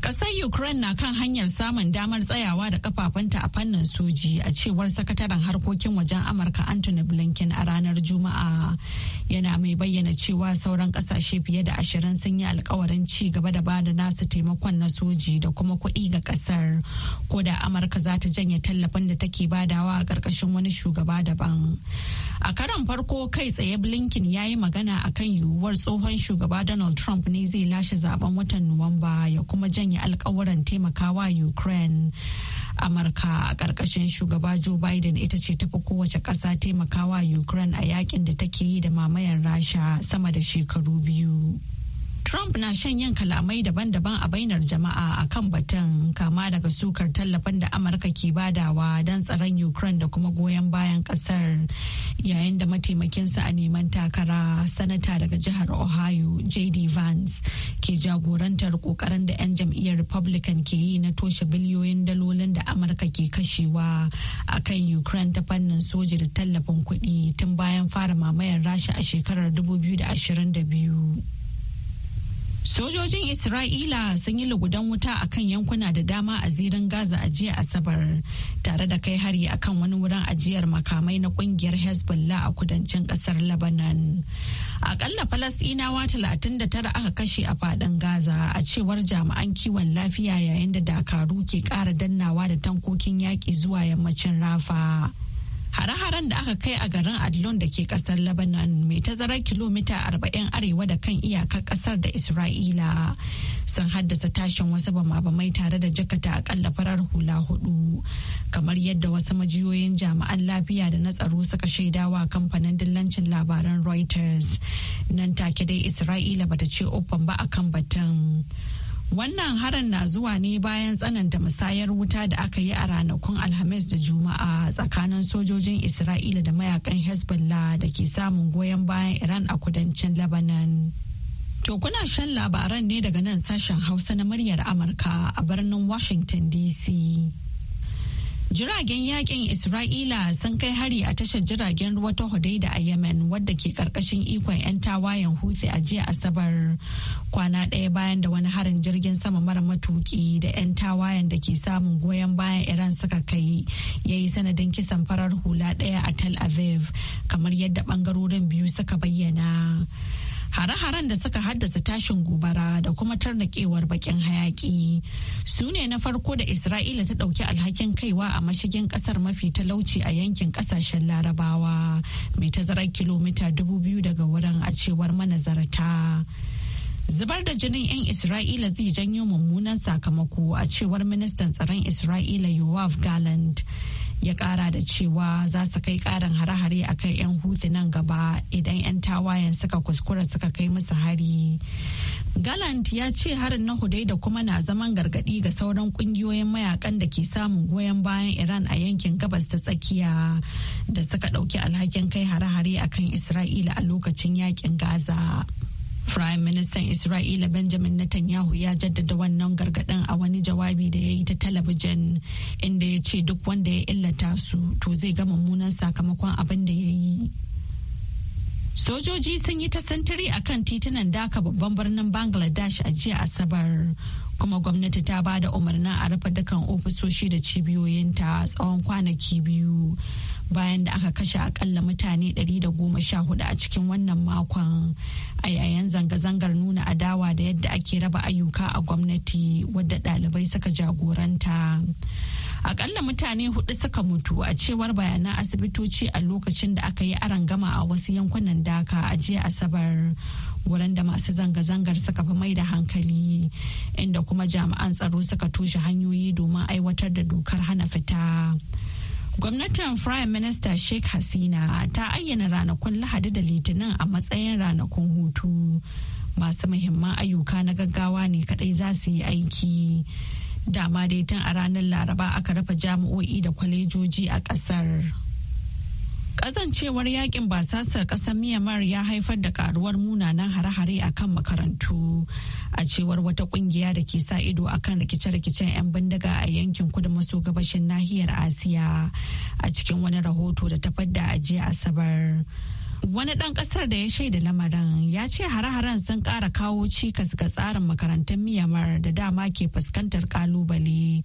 Ƙasar Ukraine na kan hanyar samun damar tsayawa da kafafanta a fannin soji a cewar sakataren harkokin wajen Amurka Anthony Blinken a ranar Juma'a. yana mai bayyana cewa sauran kasashe fiye da ashirin sun yi alkawarin ci gaba da bada nasu taimakon na soji da kuma kuɗi ga ƙasar ko da amurka za ta janye tallafin da take badawa a ƙarƙashin wani shugaba daban a karan farko kai tsaye blinken ya yi magana a kan yiwuwar tsohon shugaba donald trump ne zai lashe zaben watan nuwamba ya kuma janye alkawuran taimakawa ukraine amurka a ƙarƙashin shugaba joe biden ita ce tafi kowace ƙasa taimakawa ukraine a yakin da take yi da mamayar rasha sama da shekaru biyu Trump na shan yin kalamai daban-daban a bainar jama'a a kan batun kama daga sukar tallafin da Amurka ke badawa don tsaron Ukraine da kuma goyon bayan kasar yayin da mataimakinsa a neman takara sanata daga jihar Ohio JD Vance ke jagorantar kokarin da 'yan jam'iyyar Republican ke yi na toshe biliyoyin dalolin da Amurka ke kashewa a kan Ukraine ta fannin soji da tallafin kuɗi tun bayan fara mamayar Rasha a shekarar 2022. Sojojin Isra'ila sun yi lugudan wuta a kan yankuna da dama a zirin Gaza a jiya Asabar tare da kai hari a kan wani wurin ajiyar makamai na kungiyar Hezbollah a kudancin kasar Lebanon. Akalla Falasɗinawa 39 aka kashe a faɗin Gaza a cewar jami'an kiwon lafiya yayin da dakaru ke ƙara dannawa da tankokin yaƙi zuwa yammacin Rafa. Hare-haren da aka kai a garin Adlon da ke kasar Lebanon mai tazarar kilomita 40 arewa da kan iyakar kasar da Isra'ila sun haddasa tashin wasu bamabamai tare da jakata akalla farar hula hudu. Kamar yadda wasu majiyoyin jami'an lafiya da na tsaro suka shaidawa kamfanin dillancin labaran Reuters. Nan take dai Isra'ila bata ce uban ba akan batun. Wannan harin na zuwa ne bayan tsananta musayar wuta da aka yi a ranakun Alhamis da Juma'a tsakanin sojojin Isra'ila da mayakan Hezbollah da ke samun goyon bayan Iran a kudancin Lebanon. To kuna shan labaran ne daga nan sashen Hausa na muryar Amurka a birnin Washington DC. Jiragen yakin Isra'ila sun kai hari a tashar jiragen ruwa ta Hodeida a Yemen wadda ke karkashin ikon 'yan tawayen Houthi a jiya Asabar kwana ɗaya bayan da wani harin jirgin sama mara matuki da 'yan tawayen da ke samun goyon bayan Iran suka kai ya yi sanadin kisan farar hula ɗaya a Tel Aviv kamar yadda ɓangarorin biyu suka bayyana. hare-haren da suka haddasa tashin gobara da kuma tarnakewar bakin hayaki su ne na farko da isra'ila ta ɗauki alhakin kaiwa a mashigin ƙasar mafi talauci a yankin ƙasashen larabawa mai tazarar kilomita dubu biyu daga wurin a cewar manazarta zubar da jinin 'yan isra'ila zai janyo mummunan sakamako a cewar ministan tsaron isra'ila yoav galand ya kara da cewa za su kai karin hare-hare a kan 'yan hutu nan gaba idan 'yan tawayen suka kuskura suka kai musu hari galant ya ce harin na hudai da kuma na zaman gargadi ga sauran kungiyoyin mayakan da ke samun goyon bayan iran a yankin gabas ta tsakiya da suka dauki alhakin kai hare-hare a kan isra'ila a lokacin yakin gaza Prime Minister Isra'ila Benjamin Netanyahu ya jaddada wannan gargaɗin a wani jawabi da ya yi ta talabijin inda ya ce duk wanda ya illata su to zai ga mummunan sakamakon abin da ya yi. Sojoji sun yi ta sintiri a kan titunan daka babban birnin Bangladesh a jiya Asabar, kuma gwamnati ta ba da umarnin a rufe dukkan ofisoshi da cibiyoyinta tsawon kwanaki biyu. bayan da aka kashe akalla mutane 114 a cikin wannan makon a yayin zanga-zangar nuna adawa da yadda ake raba ayyuka a gwamnati wadda ɗalibai suka jagoranta akalla mutane hudu suka mutu a cewar bayanan asibitoci a lokacin da aka yi gama a wasu yankunan daka a jiya asabar wurin da masu zanga-zangar suka fi mai da hankali inda kuma jami'an tsaro suka toshe hanyoyi domin aiwatar da dokar hana fita Gwamnatin Prime Minister Sheikh Hasina ta ayyana ranakun Lahadi da Litinin a matsayin ranakun hutu. Masu muhimman ayyuka na gaggawa ne kadai za su yi aiki. Dama dai tun a ranar Laraba aka rufe jami'o'i da kwalejoji a ƙasar. Ƙazancewar yakin basasar ƙasar miyamar ya haifar da karuwar munanan hare-hare a kan makarantu a cewar wata kungiya da ke sa ido a kan rikice-rikicen 'yan bindiga a yankin kudu maso gabashin nahiyar Asiya a cikin wani rahoto da ta fadda a jiya Asabar. Wani ɗan ƙasar da ya shaida lamarin ya ce hare-haren sun ƙara kawo cikas ga tsarin makarantar miyamar da dama ke fuskantar ƙalubale.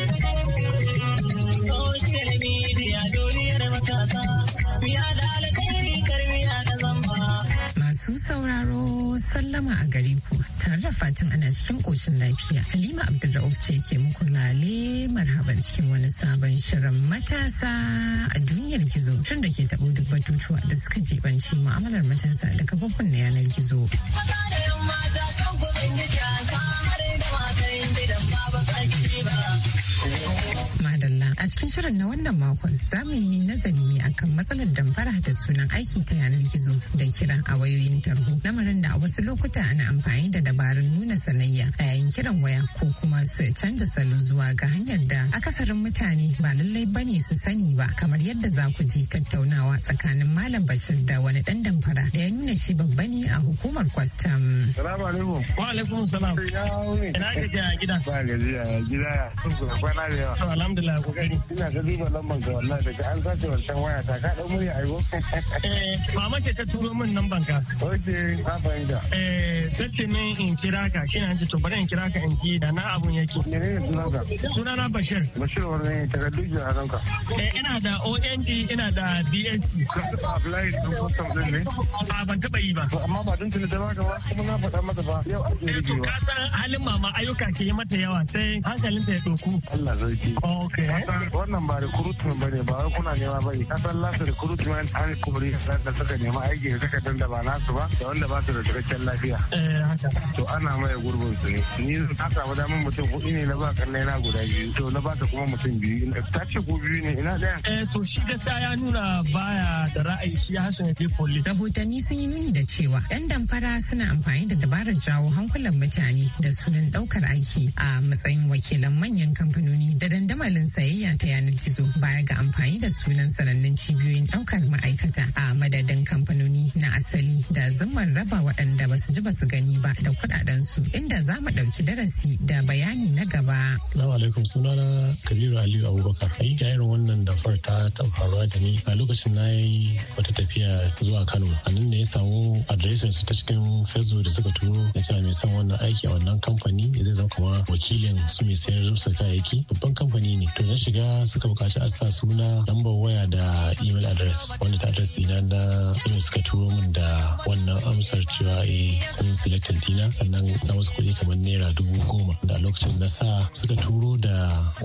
sauraro sallama a gare ku tare da fatan ana cikin ƙoshin lafiya. Halima Abdulrauf ce ke muku lale marhaban cikin wani sabon shirin matasa a duniyar gizo tun da ke taɓo duk batutuwa da suka jibanci mu'amalar matasa da kafofin na yanar gizo. a cikin shirin na wannan makon za mu yi nazari ne akan matsalar damfara da sunan aiki ta yanar gizo da kira a wayoyin tarho. Lamarin da a wasu lokuta ana amfani da dabarun nuna sanayya a yayin kiran waya ko kuma su canza salo zuwa ga hanyar da akasarin mutane ba lallai bane su sani ba kamar yadda za ku ji tattaunawa tsakanin Malam Bashir da wani dan damfara da ya nuna shi babba ne a hukumar kwastam. Salamu alaikum. Wa alaikum salam. Ina gajiya gida. Ba gajiya gida. Kwana da yawa. Alhamdulillah ina ga zuba lamban ga wallahi daga an sace wancan waya ta ka dan murya aiwo eh mama ce ta turo min lamban ka okay ka fahimta eh tace ne in kira ka shi an to bari in kira ka in ji da na abun yake ne ne sunan ka sunan na Bashir Bashir wannan ta ga duk jaran ka eh ina da OND ina da BSc ka apply don custom din ne a ban taba yi ba amma ba dun tuni da ba ka ba kuma na faɗa mata ba yau ake eh, rigewa ka san halin mama ayyuka ke yi mata yawa sai hankalinta ya doku Allah zai ki okay wannan ba recruitment ba ne ba wai kuna nema ba ne kasan last recruitment an kubri da suka nema aiki da suka danda ba nasu ba da wanda ba su da cikakken lafiya eh, to ana maye gurbin su ne ni na ba damar mutum ko ne na ba kallai na guda biyu to na ba ta kuma mutum biyu ta ce ko biyu ne ina ɗaya. eh to shi gaskiya ya nuna baya da ra'ayi shi ya hasan je police. rahotanni sun yi nuni da cewa yan damfara suna amfani da dabarar jawo hankulan mutane da sunan daukar aiki a matsayin wakilan manyan kamfanoni da dandamalin sayayya hanyar ta yanar gizo baya ga amfani da sunan sanannun cibiyoyin daukar ma'aikata a madadin kamfanoni na asali da zammar raba waɗanda ba su ji ba su gani ba da kuɗaɗensu inda za mu ɗauki darasi da bayani na gaba. Salamu alaikum sunana Kabiru Aliyu Abubakar. Hakika irin wannan dafar ta faruwa da ni a lokacin na yi wata tafiya zuwa Kano. A nan da ya samu adireshin su ta cikin Facebook da suka turo da cewa mai son wannan aiki a wannan kamfani zai zama kuma wakilin su mai sayar da kayayyaki babban kamfani ne. To na shiga ja suka bukaci a sa suna lambar waya da email address wanda ta address ina na ina suka turo min da wannan amsar cewa a eh, sun selected dina sannan na wasu kuɗi kamar naira dubu goma da lokacin na sa suka turo da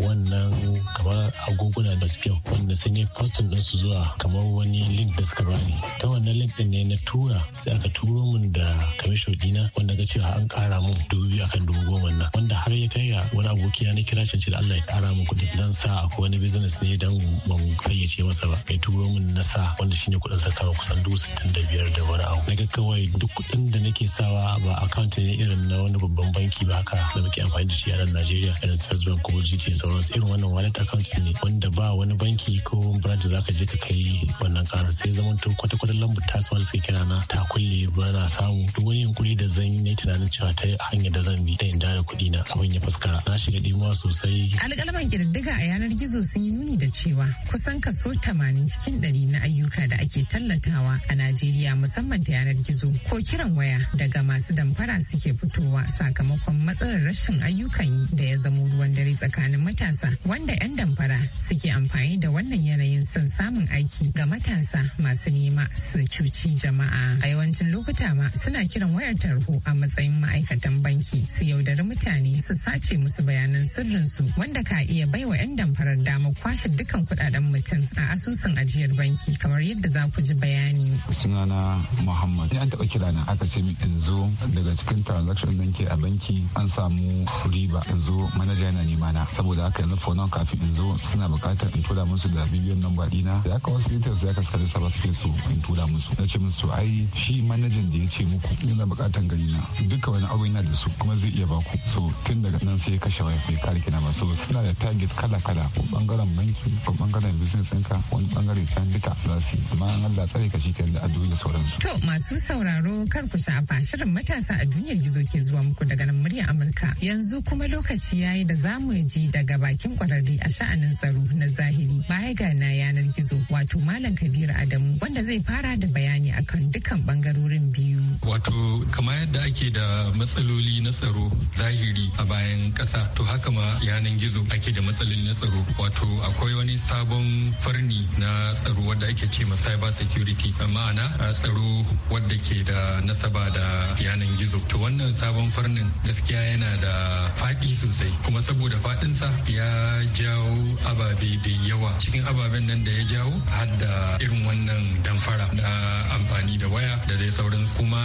wannan kamar agoguna da suke wanda sun yi postin ɗinsu zuwa kamar wani link da suka bani ta wannan link ɗin ne na tura sai aka turo min da kamisho dina wanda ga cewa an ƙara mun dubu biyu akan dubu goma nan wanda har ya kai ga wani abokina na kira shi da Allah ya ƙara mun kuɗi zan sa akwai wani business ne dan ban fayyace masa ba Mai turo min na sa wanda shine kuɗin sakawa kusan dubu sittin da biyar da wani abu naga kawai duk kuɗin da nake sawa ba account ne irin na wani babban banki ba haka da muke amfani da shi a nan Najeriya irin First Bank ko GT sauransu irin wannan wallet account ne wanda ba wani banki ko branch zaka je ka kai wannan karar sai zaman to kwata-kwata lambar tasmar suke kira na ta kulle ba na samu duk wani yunkuri da zan yi tunanin cewa ta hanyar da zan bi ta inda da kuɗi na abin ya fuskara na shiga dimuwa sosai alƙalaman ƙididdiga a yanar yanar gizo sun yi nuni da cewa kusan kaso 80 cikin 100 na ayyuka da ake tallatawa a Najeriya musamman ta yanar gizo ko kiran waya daga masu damfara suke fitowa sakamakon matsalar rashin ayyukan yi da ya zamo ruwan dare tsakanin matasa wanda 'yan damfara suke amfani da wannan yanayin son samun aiki ga matasa masu nema su cuci jama'a a yawancin lokuta ma suna kiran wayar tarho a matsayin ma'aikatan banki su yaudari mutane su sace musu bayanan sirrinsu wanda ka iya baiwa 'yan damfara farar damar kwashe dukkan kudaden mutum a asusun ajiyar banki kamar yadda za ku ji bayani. Sunana Muhammad. An taɓa kira na aka ce in zo daga cikin transaction ke a banki an samu riba in zo manaja yana nema na saboda haka yanzu fonon kafin in zo suna buƙatar in tura musu da bibiyar namba dina da aka wasu details da aka suka ba suke so in tura musu na ce musu ai shi manajan da ya ce muku yana buƙatar gani na duka wani aure yana da su kuma zai iya baku so tun daga nan sai ya kashe wayafai kare kina ba so suna da target kala kala ko bangaren banki ko bangaren business sanka wani bangare can duka za su yi amma an Allah tsare ka shike da addu'o'i da sauransu. To masu sauraro kar ku sha'afa shirin matasa a duniyar gizo ke zuwa muku daga nan murya Amurka yanzu kuma lokaci yayi da za mu ji daga bakin kwararri a sha'anin tsaro na zahiri baya ga na yanar gizo wato Malam Kabiru Adamu wanda zai fara da bayani akan dukan bangarorin biyu. Wato kamar yadda ake da matsaloli na tsaro zahiri a bayan ƙasa to haka ma yanar gizo ake da matsaloli na tsaro tsaro wato akwai wani sabon farni na tsaro wanda ake ce ma cyber security ma'ana tsaro wadda ke da nasaba da yanan gizo to wannan sabon farnin gaskiya yana da faɗi sosai kuma saboda faɗinsa ya jawo ababe da yawa cikin ababen nan da ya jawo har da irin wannan damfara da amfani da waya da dai sauransu kuma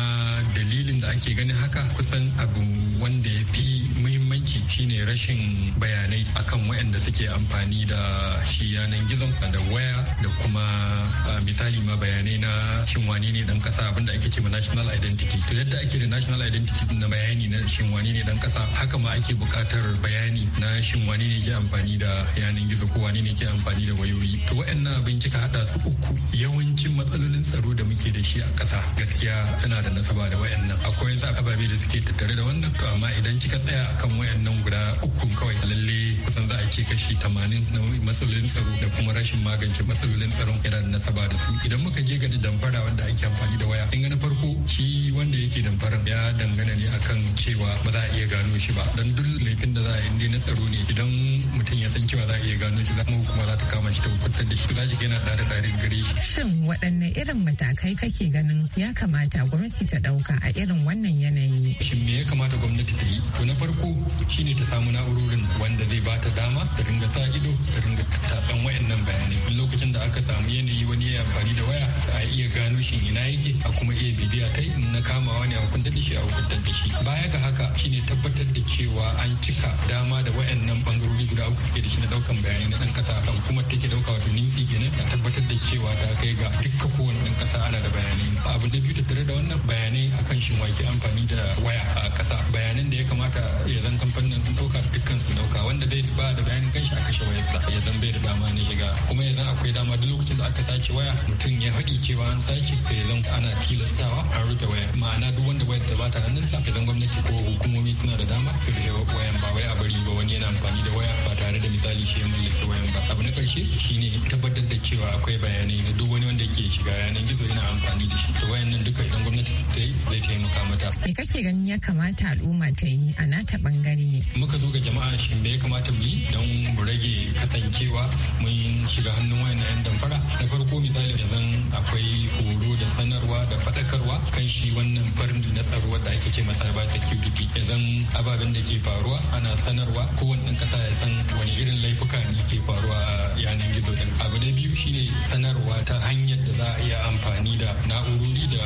dalilin da ake ganin haka kusan abu wanda ya fi muhimmanci aiki shine rashin bayanai akan waɗanda suke amfani da shi yanan gizon da waya da kuma ah, misali ma bayanai na shin wani ne dan kasa abinda ake ce ma national identity to yadda ake da national identity na bayani na shin wani ne dan kasa haka ma ake buƙatar bayani na shin wani ne ke amfani da yanan gizo ko wani ne ke amfani da wayoyi to waɗannan abin kika hada su uku yawancin matsalolin tsaro da muke da shi a ƙasa gaskiya tana da nasaba da waɗannan akwai ababe da suke tattare da wannan to amma idan kika tsaya akan waya wayannan guda uku kawai lalle kusan za a ke kashi tamanin na matsalolin tsaro da kuma rashin magance matsalolin tsaron yana da nasaba da su idan muka je ga damfara wanda ake amfani da waya in na farko shi wanda yake damfaran ya dangana ne akan cewa ba za a iya gano shi ba dan duk laifin da za a yi na tsaro ne idan mutum ya san cewa za a iya gano shi za kuma za ta kama shi ta hukuntar da shi za shi yana tsare tsare gare shi. Shin waɗanne irin matakai kake ganin ya kamata gwamnati ta ɗauka a irin wannan yanayi? Shin me ya kamata gwamnati ta yi? To na farko shine ta samu na'urorin wanda zai bata dama ta ringa sa ido ta ringa tatsan wayannan bayanai lokacin da aka samu yanayi wani ya amfani da waya a iya gano shi ina yake a kuma iya bibiya ta na kamawa ne a hukuntar da shi a hukuntar da shi baya ga haka shine tabbatar da cewa an cika dama da take da shi na daukan bayanai na dan kasa hukumar take dauka wato nisi kenan ta tabbatar da cewa ta kai ga dukkan kowane dan kasa ana da bayanai abu da biyu tattare da wannan bayanai akan shin wake amfani da waya a kasa bayanan da ya kamata ya zan kamfanin dauka duk. su dauka wanda bai ba da bayanin kanshi a kashe wayarsa ya zan bai da dama na shiga kuma yanzu akwai dama duk lokacin da aka sace waya mutum ya faɗi cewa an sace ka ya zan ana tilastawa an rufe waya ma'ana duk wanda wayar ta bata hannunsa ka zan gwamnati ko hukumomi suna da dama su rufe wayan ba wai a bari ba wani yana amfani da waya ba tare da misali shi ya mallaki wayan ba abu na karshe shi ne tabbatar da cewa akwai bayanai na duk wani wanda ke shiga yanan gizo yana amfani da shi to nan duka idan gwamnati ta yi zai taimaka mata me kake ganin ya kamata al'umma ta yi a nata bangare muka zo ga jama'a shin shi ya kamata mu yi don mu rage kasancewa mun shiga hannun wayannan 'yan damfara na farko misali da zan akwai horo da sanarwa da faɗakarwa kan shi wannan farin na tsaro da ake ce masa ba security ya zan ababen da ke faruwa ana sanarwa kowane ɗan ƙasa ya san wani irin laifuka ne ke faruwa a yanar gizo din abu na biyu shine sanarwa ta hanyar da za a iya amfani da na'urori da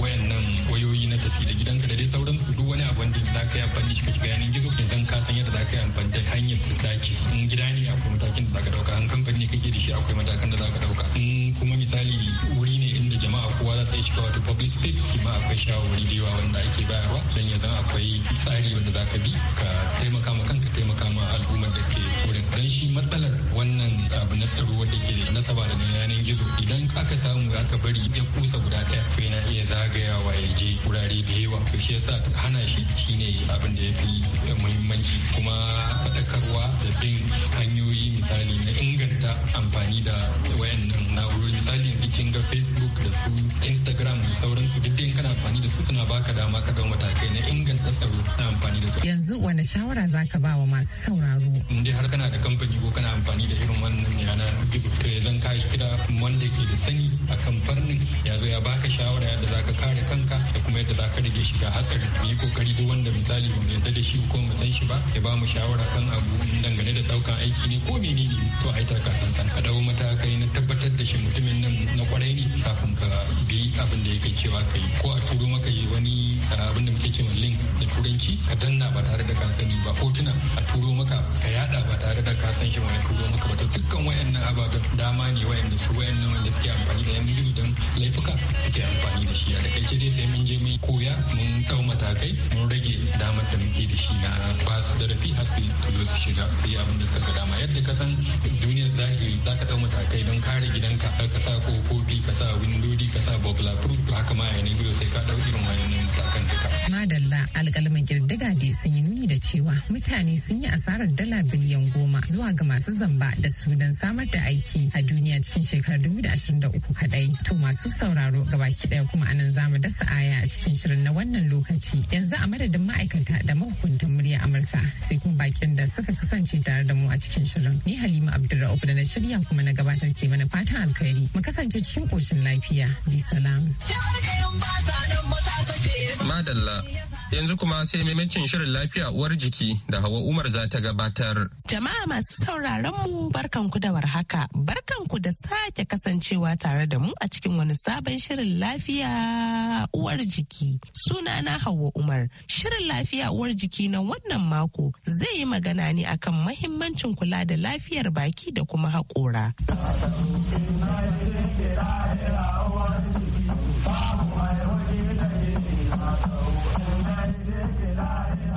wayannan wayoyi tafi da gidanka da dai sauransu duk wani abu wanda za ka yi amfani shi shiga yanar gizo ke zan kasan yadda za ka yi amfani da hanyar da take in gida ne akwai matakin da za ka dauka in kamfani kake da shi akwai matakan da za ka dauka in kuma misali wuri sai shi wato public space shi ma akwai shawarwari da yawa wanda ake bayarwa don ya zama akwai tsari wanda za ka bi ka taimaka ma kanka taimaka ma al'ummar da ke wurin don shi matsalar wannan abu na tsaro wanda ke nasaba da yanayin gizo idan aka samu aka bari ya kusa guda ɗaya ko yana iya zagayawa ya je wurare da yawa ko shi yasa hana shi shine abin da ya fi muhimmanci kuma faɗakarwa da bin hanyoyi misali na inganta amfani da wayannan kin ga facebook da su instagram da sauransu duk in kana amfani da su tana baka dama ka ga matakai na inganta tsaro na amfani da su yanzu wani shawara za ka ba wa masu sauraro in har kana da kamfani ko kana amfani da irin wannan yanar gizo to ya zan kai kira wanda ke da sani akan farnin ya zo ya baka shawara yadda ka kare kanka da kuma yadda za ka rage shiga hatsari mu yi kokari duk wanda misali mu yarda da shi ko mu san shi ba ya ba mu shawara kan abu dangane da daukan aiki ne ko menene to ai ta san san ka dawo matakai na tabbatar da shi mutumin nan na kwarai ne kafin ka bi abin da yake cewa ka yi ko a turo maka yi wani ah, abin da muke cewa link da turanci ka danna ba tare da ka sani ba ko tuna a turo maka ka yada ba tare da ka san shi ba turo maka ba to dukkan wayannan ababen dama ne wayanda su wayannan wanda suke amfani da yan bidiyo don laifuka suke amfani da shi a da kai dai sai mun je mun koya mun dau matakai mun rage damar da muke da shi na ba su da rafi har sai ta zo su shiga sai abin da suka ga dama yadda ka san duniyar zahiri za ka dau matakai don kare gidanka ka sa ko kasa windo di kasa bobla pru pru hakama ene alƙalman ƙirdiga sun yi nuni da cewa mutane sun yi asarar dala biliyan goma zuwa ga masu zamba da su don samar da aiki a duniya cikin shekarar 2023 kadai. To masu sauraro ga baki ɗaya kuma anan zamu dasa aya a cikin shirin na wannan lokaci. Yanzu a madadin ma'aikata da mahukuntan murya Amurka sai kuma bakin da suka kasance tare da mu a cikin shirin. Ni Halima Abdulra'uf da na shirya kuma na gabatar ke mana fatan alkhairi. Mu kasance cikin koshin lafiya. Bi salam. Madalla yanzu yanzu kuma sai maimacin shirin lafiya uwar jiki da hawa Umar za ta gabatar. Jama'a masu sauraron mu barkanku da warhaka. ku da sake kasancewa tare da mu a cikin wani sabon shirin lafiya uwar jiki. suna na Hauwa Umar. Shirin lafiya uwar jiki na wannan mako zai yi magana ne akan mahimmancin kula da lafiyar baki da kuma haƙora. Thank you.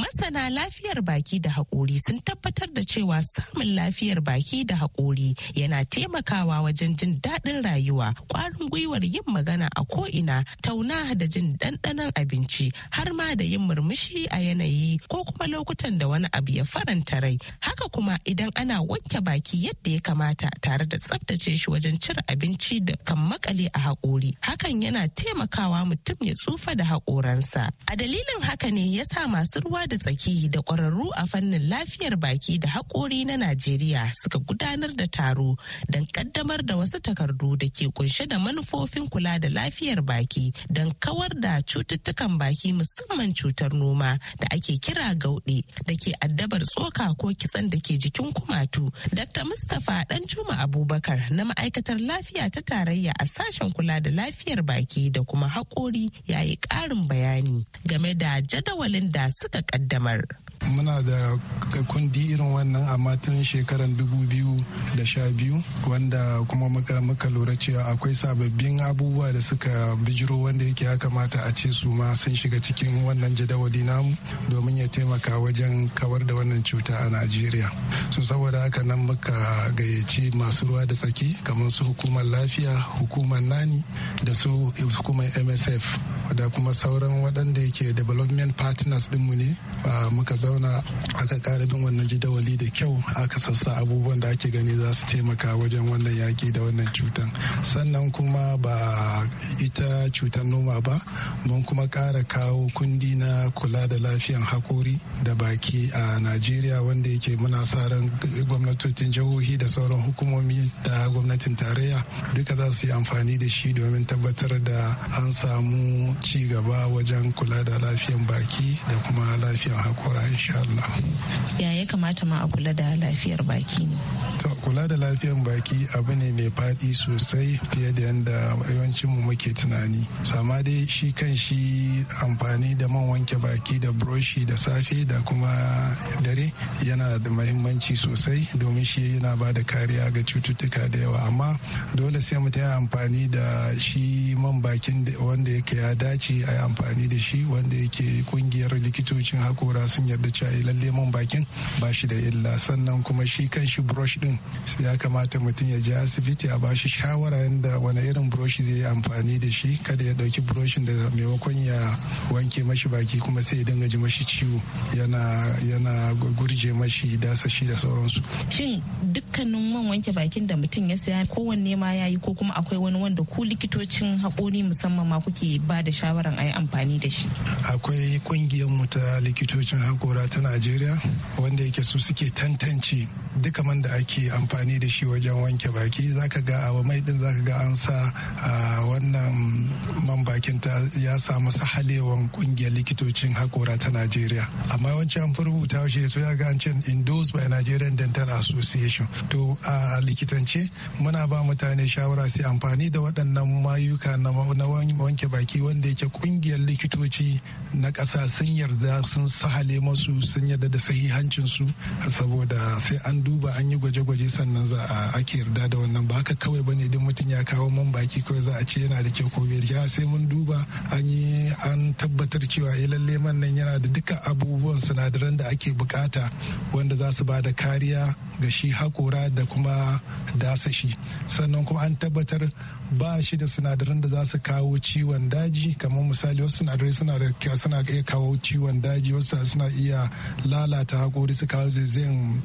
Masana lafiyar baki da haƙori sun tabbatar da cewa samun lafiyar baki da haƙori yana taimakawa wajen jin daɗin rayuwa, ƙwarin gwiwar yin magana a ko'ina, tauna da jin ɗanɗanon abinci, har ma da yin murmushi a yanayi ko kuma lokutan da wani abu ya faranta rai. Haka kuma idan ana wanke baki yadda ya kamata tare da tsaftace shi wajen cire abinci da kan makale a haƙori, hakan yana taimakawa mutum ya tsufa da haƙoransa. A dalilin haka ne yasa masu ruwa da tsaki da ƙwararru a fannin lafiyar baki da haƙori na Najeriya suka gudanar da taro don ƙaddamar da wasu takardu da ke kunshe da manufofin kula da lafiyar baki don kawar da cututtukan baki musamman cutar noma da ake kira gauɗe da ke addabar tsoka ko kitsan da ke jikin kumatu. Dr. Mustapha Juma Abubakar na ma'aikatar lafiya ta tarayya a sashen kula da lafiyar baki da kuma haƙori ya yi ƙarin bayani game da jadawalin da suka takaddamar. muna da kundi irin wannan amma tun shekarar biyu wanda kuma muka lura cewa akwai sababbin abubuwa da suka bijiro wanda yake ya kamata a ce su ma sun shiga cikin wannan jadawali namu domin ya taimaka wajen kawar da wannan cuta a najeriya so saboda haka nan muka gayyaci masu ruwa da tsaki kamar su hukumar lafiya hukumar nani da su hukumar msf da kuma sauran waɗanda yake development partners dinmu ne muka zauna aka ƙara wannan jidawali da kyau aka sassa abubuwan da ake gani za su taimaka wajen wannan yaƙi da wannan cutan sannan kuma ba ita cutar noma ba mun kuma ƙara kawo kundi na kula da lafiyan hakori da baki a najeriya wanda yake muna sa ran gwamnatocin jihohi da sauran hukumomi da gwamnatin tarayya duka za su yi amfani da shi domin tabbatar da an samu ci gaba wajen kula da lafiyan baki da kuma lafiyan lafiyar hakora insha Allah. Ya ya kamata ma a kula da lafiyar baki ne? To kula da lafiyar baki abu ne mai faɗi sosai fiye da yadda yawancin mu muke tunani. Sama dai shi kan shi amfani da man wanke baki da broshi da safe da kuma dare yana da mahimmanci sosai domin shi yana ba da kariya ga cututtuka da yawa amma dole sai mu ta amfani da shi man bakin wanda yake ya dace a yi amfani da shi wanda yake kungiyar likitocin hakora sun yarda cewa eh, lalle man bakin ba shi da illa sannan kuma shi kan shi brush din ya kamata mutum ya je asibiti a bashi shawara yadda wani irin brush zai yi amfani da shi kada ya dauki brushin da maimakon ya wanke mashi baki kuma sai ya dinga ji mashi ciwo yana yana gurje mashi dasa shi da sauransu shin dukkanin man wanke bakin da mutum ya saya kowanne ma ya yi ko kuma akwai wani wanda ku likitocin haƙori musamman ma kuke ba da shawaran a yi amfani da shi akwai kungiyar mu ta likitocin hakora ta najeriya wanda yake su suke tantance duka man da ake amfani da shi wajen wanke baki zaka ga a mai din zaka ga an sa wannan man bakin ta ya sa masa halewan kungiyar likitocin hakora ta Najeriya amma wancan an rubuta shi so ya ga an ce endorsed by Nigerian Dental Association to a likitance muna ba mutane shawara su amfani da waɗannan mayuka na wanke baki wanda yake kungiyar likitoci na ƙasa sun yarda sun sahale masu sun yarda da sahihancin su saboda sai an duba an yi gwaje-gwaje sannan za a ake yarda da wannan ba haka kawai bane idan mutum ya kawo man baki kawai za a ce yana da kyau ko bai da sai mun duba an yi an tabbatar cewa eh lalle man nan yana da duka abubuwan sinadaran da ake bukata wanda za su ba da kariya ga shi hakora da kuma dasashi sannan kuma an tabbatar ba shi da sinadaran da za su kawo ciwon daji kamar misali wasu sinadarai suna da iya kawo ciwon daji wasu suna iya lalata hakori su kawo zaizayin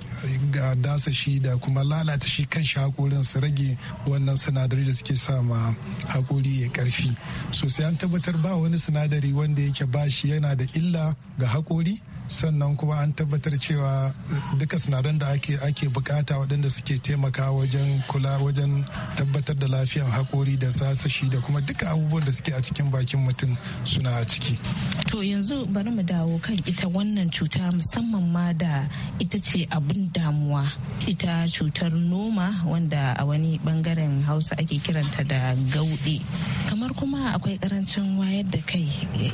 dasa shi da kuma lalata shi kan shi hakorin su rage wannan sinadarai da suke sa ma hakori ya karfi sosai an tabbatar ba wani sinadari wanda yake ba shi yana da illa ga hakori sannan kuma an tabbatar cewa duka sinadaran da ake ake bukata wadanda suke taimaka wajen kula wajen tabbatar da lafiyar haƙori da sasashi da kuma duka abubuwan da suke a cikin bakin mutum suna a ciki. To yanzu bari mu dawo kan ita wannan cuta musamman ma da ita ce abin damuwa ita cutar noma wanda a wani bangaren hausa ake kiranta da gauɗe. Kamar kuma akwai karancin wayar da kai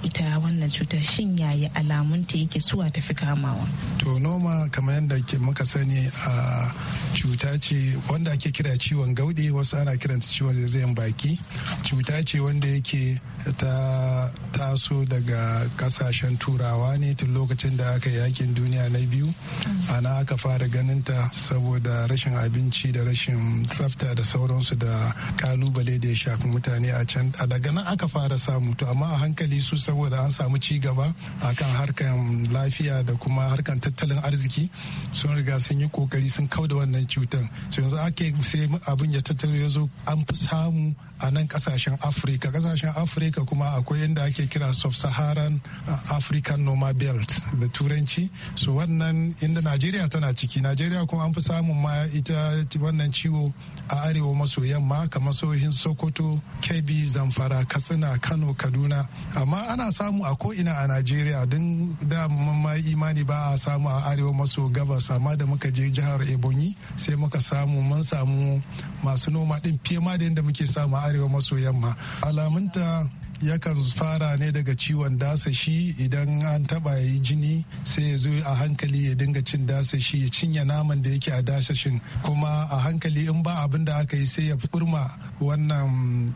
ita wannan cutar shin yaya alamunta yake suwa tafi kamawa to noma kamar yadda muka sani a cuta ce wanda ake kira ciwon gaude wasu ana kiranta ciwon zaizayen baki cuta ce wanda yake ta taso daga kasashen turawa ne tun lokacin da aka yakin duniya na biyu mm. ana aka fara ganinta saboda rashin abinci da rashin tsafta da sauransu da kalubale da ya shafi mutane a can a daga nan aka fara samu to amma a hankali su saboda an samu ci gaba akan harkan lafiya da kuma harkan tattalin arziki sun riga sun yi kokari sun kau da wannan cutar su yanzu ake sai abin ya tattalin ya an fi samu a nan kasashen afirka kasashen afirka kuma akwai yadda ake kira soft saharan uh, african noma belt da turanci so wannan inda najeriya tana ciki najeriya kuma an fi samun ma ita wannan ciwo a arewa maso yamma kamar sohin sokoto kebbi zamfara katsina kano kaduna amma ana samu a ko'ina a najeriya don da ma imani ba a samu a arewa maso gabas amma da muka je jihar ebonyi sai muka samu mun samu masu noma din fiye ma da yadda muke samu a arewa maso yamma alamunta yakan fara ne daga ciwon dasashi idan an taba yi jini sai ya zo a hankali ya dinga cin dasashi ya cinye naman da yake a dasashin kuma a hankali in ba abin da aka yi sai ya furma wannan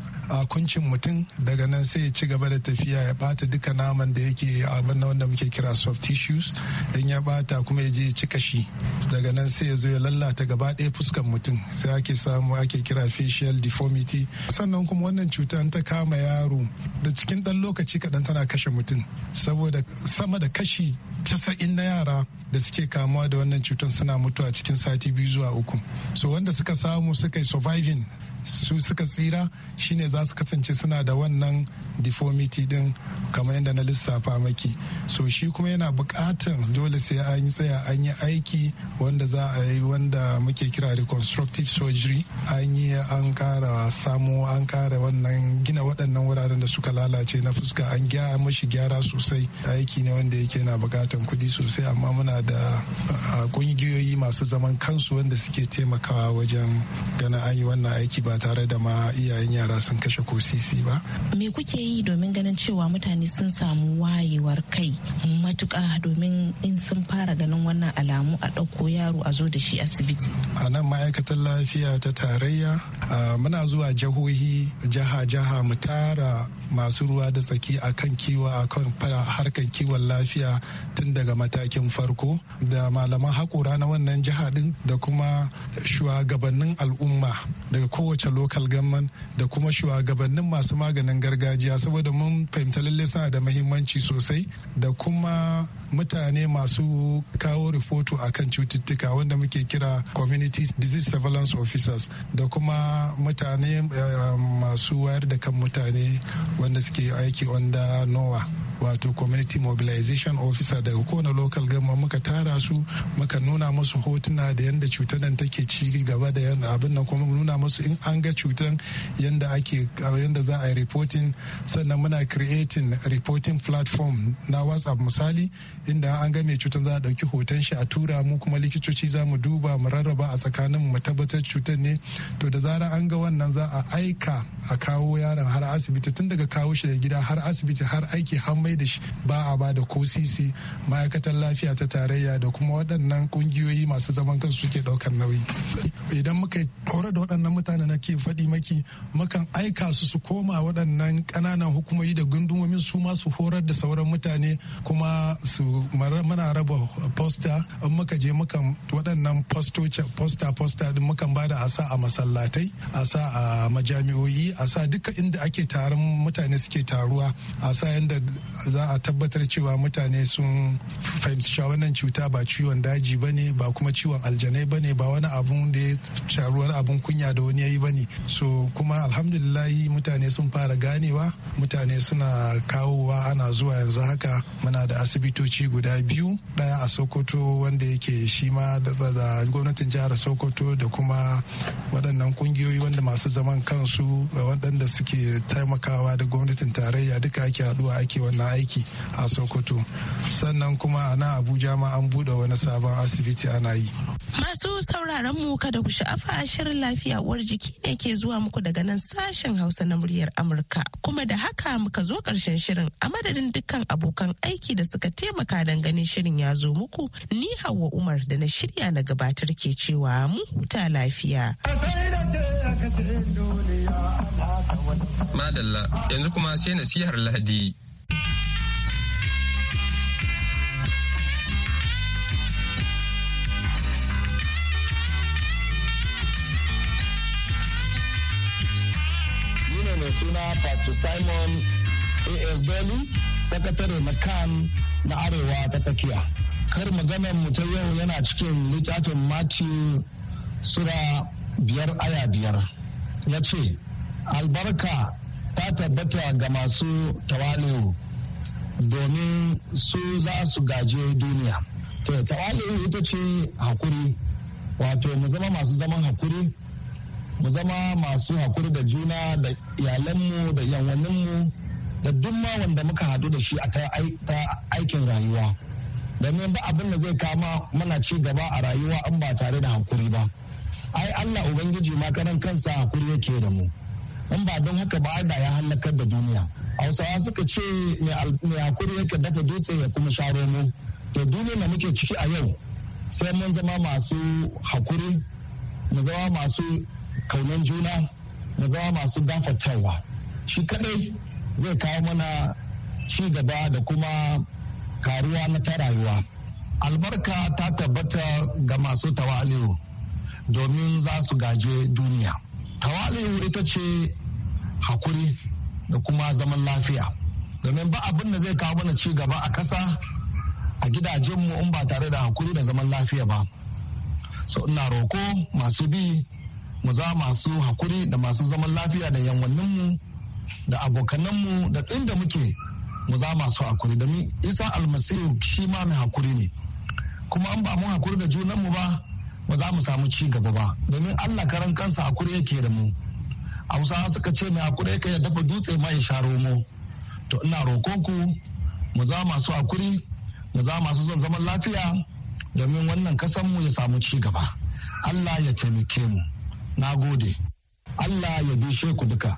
kuncin mutum daga nan sai ya ci gaba da tafiya ya bata duka naman da yake abin na wanda muke kira soft tissues in ya bata kuma ya je ya ci kashi daga nan sai ya zo ya lallata gaba ɗaya fuskan mutum sai ake samu ake kira facial deformity sannan kuma wannan cuta ta kama yaro da cikin ɗan lokaci kaɗan tana kashe mutum saboda sama da kashi casa'in na yara da suke kamuwa da wannan cutar suna mutuwa cikin sati biyu zuwa uku so wanda suka samu suka yi surviving su suka tsira shine za su kasance suna da wannan deformity din kamar yadda na lissafa maki so shi kuma yana bukatar dole sai an yi tsaya an yi aiki wanda za a yi wanda muke kira reconstructive surgery an yi an kara samo an kara wannan gina waɗannan wuraren da suka lalace na fuska an gyara mashi gyara sosai aiki ne wanda yake na bukatar kuɗi sosai amma muna da ƙungiyoyi masu zaman kansu wanda suke taimakawa wajen gana an yi wannan aiki ba tare da ma iyayen yara sun kashe ko sisi ba me kuke yi yi domin ganin cewa mutane sun samu wayewar kai matuƙa domin in sun fara ganin wannan alamu a ɗauko yaro a zo da shi asibiti. A nan ma'aikatar lafiya ta tarayya muna zuwa jihohi jiha-jiha mu tara masu ruwa da tsaki a akan kiwo kan harkar kiwon lafiya tun daga matakin farko da malaman haƙura na wannan jiha din da kuma shugabannin al'umma daga kowace lokal gamman da kuma shugabannin masu maganin gargajiya saboda mun fahimta lallai suna da muhimmanci sosai da kuma mutane masu kawo rahoto akan cututtuka wanda muke kira community disease surveillance officers da kuma mutane eh, masu wayar da kan mutane wanda suke aiki wanda nowa wato community mobilization officer daga kowane local gama muka tara su muka nuna musu hotuna da yadda cutar nan take ci gaba da yadda abin nan kuma nuna musu in an ga cutar yadda ake yadda za a yi reporting sannan muna creating reporting platform na whatsapp misali inda an ga mai cutar za a ɗauki hoton shi a tura mu kuma likitoci za mu duba mu rarraba a tsakanin mu tabbatar cutar ne to da zarar an ga wannan za a aika a kawo yaron har asibiti tun daga kawo shi da gida har asibiti har aiki har mai da shi ba a ba da ko sisi ma'aikatan lafiya ta tarayya da kuma waɗannan ƙungiyoyi masu zaman kansu suke ɗaukar nauyi idan muka horar da waɗannan mutane na ke faɗi maki mukan aika su su koma waɗannan ƙananan hukumomi da gundumomin su ma su horar da sauran mutane kuma su muna raba posta in muka je mukan waɗannan posta posta din mukan bada a sa a masallatai a sa a majami'oyi a sa duka inda ake taron mutane suke taruwa a sa yadda za a tabbatar cewa mutane sun fahimci cewa wannan cuta ba ciwon daji ba ne ba kuma ciwon aljanai ba ne ba wani abun da ya sharuwar abun kunya da wani ya yi ba ne so kuma alhamdulillahi mutane sun fara ganewa mutane suna kawowa ana zuwa yanzu haka muna da asibitoci ofisoshi guda biyu ɗaya a sokoto wanda yake shi ma da gwamnatin jihar sokoto da kuma waɗannan ƙungiyoyi wanda masu zaman kansu waɗanda suke taimakawa da gwamnatin tarayya duka ake haɗuwa ake wannan aiki a sokoto sannan kuma a nan abuja ma an buɗe wani sabon asibiti ana yi masu sauraron mu kada ku sha'afa shirin lafiya uwar jiki ne ke zuwa muku daga nan sashen hausa na muryar amurka kuma da haka muka zo karshen shirin a madadin dukkan abokan aiki da suka taimaka taimaka don ganin shirin ya zo muku ni Hauwa Umar da na shirya na gabatar ke cewa mu huta lafiya. Madalla yanzu kuma sai nasihar Lahadi. mai suna Pastor Simon A.S. Sakatare Makam na arewa ta tsakiya kar maganar mu ta yau yana cikin littafin matthew sura biyar aya biyar ya ce albarka ta tabbata ga masu tawali'u domin su za su gaje duniya to tawali'u ita ce hakuri wato mu zama masu zaman hakuri mu zama masu hakuri da juna da iyalanmu da yanwaninmu da duk ma wanda muka hadu da shi a ta aikin rayuwa domin ba abin da zai kama mana ci gaba a rayuwa an ba tare da hakuri ba ai allah ubangiji ma karan kansa hakuri yake da mu in ba don haka ba da ya halakar da duniya hausawa suka ce mai hakuri yake dafa dutse ya kuma sha romo to duniya da muke ciki a yau sai mun zama masu hakuri mu zama masu kaunan juna mu zama masu gafartarwa shi kadai zai kawo mana ci gaba da kuma karuwa na ta rayuwa albarka ta tabbata ga masu tawali'u domin za su gaje duniya tawali'u ita ce hakuri da kuma zaman lafiya domin ba abin da zai kawo mana ci gaba a ƙasa a gidajenmu in ba tare da hakuri da zaman lafiya ba so ina roko masu bi mu za masu hakuri da masu zaman lafiya da yanwanninmu da abokananmu da da muke mu za masu hakuri da isa almasihu shi ma mai hakuri ne kuma an ba mu hakuri da junanmu ba ba za mu samu ci gaba ba domin allah karan kansa hakuri yake da mu A hausawa suka ce mai hakuri yake ya dafa dutse ma ya sha romo to ina roko ku mu za masu hakuri mu za masu son zaman lafiya domin wannan kasan mu ya samu ci gaba allah ya taimake mu na gode allah ya bishe ku duka